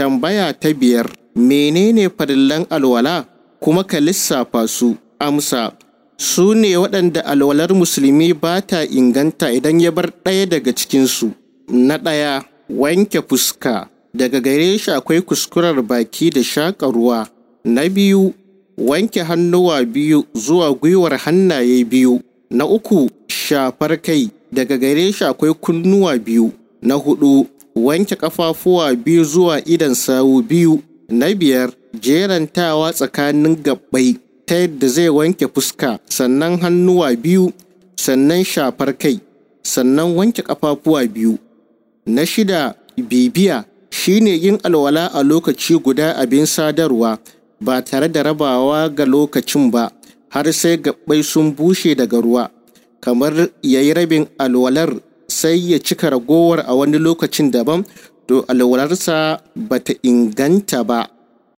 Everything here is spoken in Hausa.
Tambaya ta biyar, menene farillan alwala kuma ka lissafa su? Amsa, su ne waɗanda alwalar musulmi ba ta inganta idan ya bar ɗaya daga cikinsu. Na ɗaya, wanke fuska, daga gare shi akwai kuskurar baki da shaƙa ruwa. Na biyu, wanke hannuwa biyu zuwa gwiwar hannaye biyu. Na uku, shafar kai, daga gare shi akwai kunnuwa biyu. Na hudu, wanke ƙafafuwa biyu zuwa idan sawu biyu. Na biyar, jerantawa tsakanin gabbai ta yadda zai wanke fuska, sannan hannuwa biyu, sannan shafar kai, sannan wanke ƙafafuwa biyu. Na shida, bibiya shine yin alwala a lokaci guda abin sadarwa ba tare da rabawa ga lokacin ba har sai gabbai sun bushe daga ruwa kamar yayi rabin alwalar sai ya cika ragowar a wani lokacin daban to alwalarsa ta inganta ba